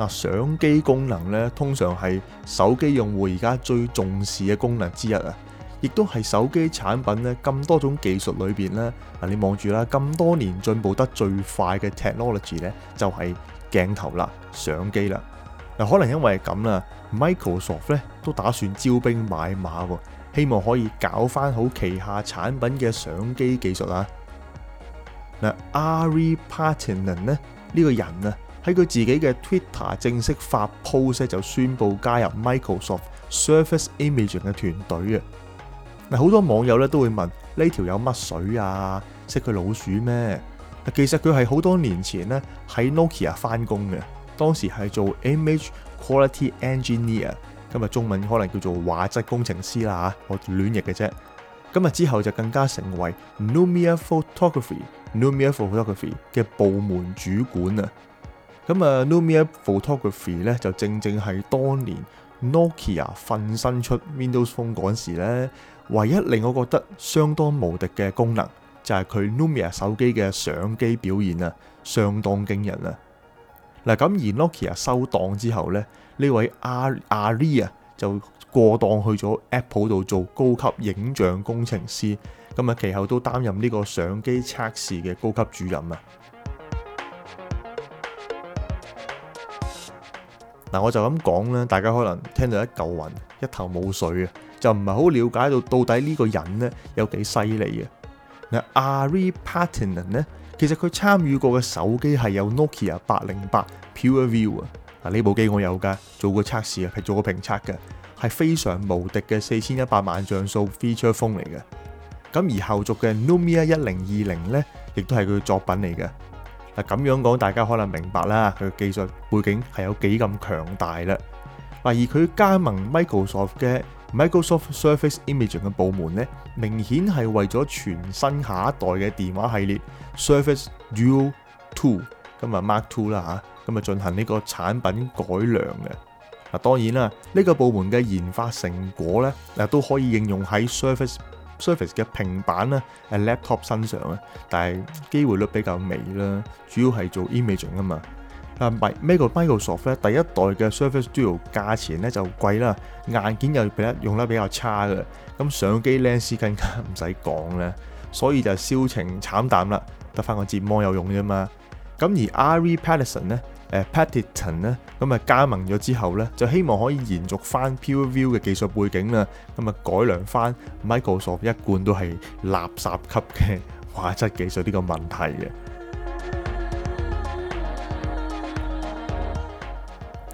嗱，相機功能咧，通常係手機用戶而家最重視嘅功能之一啊！亦都係手機產品咧，咁多種技術裏面咧，嗱你望住啦，咁多年進步得最快嘅 technology 咧，就係鏡頭啦、相機啦。嗱，可能因為咁啦，Microsoft 咧都打算招兵買馬，希望可以搞翻好旗下產品嘅相機技術啊！Ari Partinen 呢個人啊。喺佢自己嘅 Twitter 正式發 post 就宣佈加入 Microsoft Surface Imaging 嘅團隊啊。嗱，好多網友咧都會問呢條、這個、有乜水啊？識佢老鼠咩？其實佢係好多年前咧喺 Nokia 翻工嘅，當時係做 Image Quality Engineer，今日中文可能叫做畫質工程師啦嚇，我亂譯嘅啫。今日之後就更加成為 Lumia Photography、Lumia Photography 嘅部門主管啊。咁啊 Lumia photography 咧就正正係當年 Nokia 奮身出 Windows Phone 嗰時咧，唯一令我覺得相當無敵嘅功能，就係、是、佢 Lumia 手機嘅相機表現啊，相當驚人啊！嗱，咁而 Nokia 收檔之後咧，呢位阿阿 Lee 啊，就過檔去咗 Apple 度做高級影像工程師，咁啊，其後都擔任呢個相機測試嘅高級主任啊。嗱，我就咁講啦，大家可能聽到一嚿雲，一頭霧水嘅，就唔係好了解到到底呢個人咧有幾犀利嘅。阿 Ari Partinen 咧，其實佢參與過嘅手機係有 Nokia 八零八 PureView 啊，嗱呢部機我有㗎，做過測試啊，係做過評測嘅，係非常無敵嘅四千一百萬像素 feature phone 嚟嘅。咁而後續嘅 Lumia 一零二零呢，亦都係佢嘅作品嚟嘅。咁樣講，大家可能明白啦，佢嘅技術背景係有幾咁強大啦。嗱，而佢加盟 Microsoft 嘅 Microsoft Surface Imaging 嘅部門咧，明顯係為咗全新下一代嘅電話系列 Surface Duo Two，咁啊 Mark Two 啦嚇，咁啊進行呢個產品改良嘅。嗱，當然啦，呢個部門嘅研發成果咧，嗱都可以應用喺 Surface。Surface 嘅平板咧，喺 Laptop 身上啊，但係機會率比較微啦，主要係做 Imaging 啊嘛。但係 Microsoft 第一代嘅 Surface Duo 價錢咧就貴啦，硬件又俾得用得比較差嘅，咁相機 Lens 更加唔使講啦，所以就銷情慘淡啦，得返個摺幕有用啫嘛。咁而 Ari Patterson 咧。誒、uh, Partinen 咧，咁啊加盟咗之後咧，就希望可以延續翻 PureView 嘅技術背景啦，咁啊改良翻 Microsoft 一貫都係垃圾級嘅畫質技術呢個問題嘅。